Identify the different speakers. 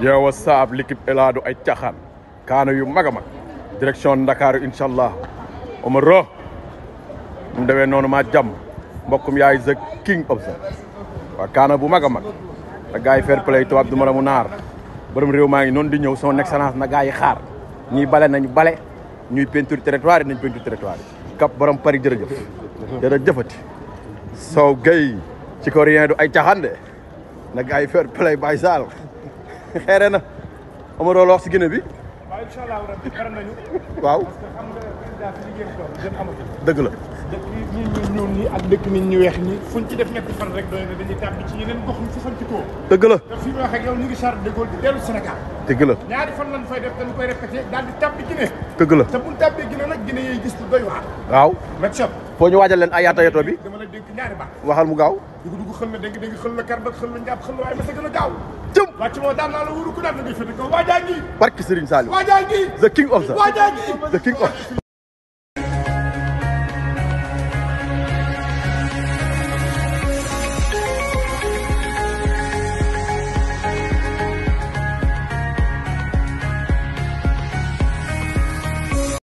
Speaker 1: yow wa saab l'équipe Ela ay caxaan kaana yu mag a mag direction Ndakaaru incha allah Omar Ro mu demee noonu maa jàmm mbokkum yaay the king of the waa kaana bu mag a mag na gars fer fair play tubaab du ma mu naar borom réew maa ngi noonu di ñëw son excellence na gars yi xaar ñuy bale nañ bale ñuy peinture territoire yi nañ peinture territoire yi kap borom Paris jërëjëf jërëjëfati Sow Gueye ci coréen du ay caaxaan de na gars yi fair play Baye Sall xeere na Omaro la si Guinée bi.
Speaker 2: waaw incha allah rabi pare dëgg la. dëkk nit ñu
Speaker 1: ñuul ñi ak dëkk ñu
Speaker 2: weex ñi. fuñ ci def ñetti fan rek doy na dañuy tàbbi ci yeneen gox ñu fasal ci koo. dëgg la te fi mu wax ak yow ñu ngi Charles de Gaulle dëgg la fan lañ fay def dañ koy dëgg la te buñ tàbbee Guinée gis lu doy waar.
Speaker 1: waaw. ñu waajal leen ay yaata yato bi.
Speaker 2: dama la dénk ñaari baax. waxal mu gaaw. dugg dugg xël na dégg dégg xël na kar ba xël na njàpp xël na waaye ma sa gën a gaaw wàcc moo daan naa la wuru ku daan na di fete ko waajaa ngi
Speaker 1: barke Serigne Saliou waajaa
Speaker 2: ngi the king of the waajaa ngi the king of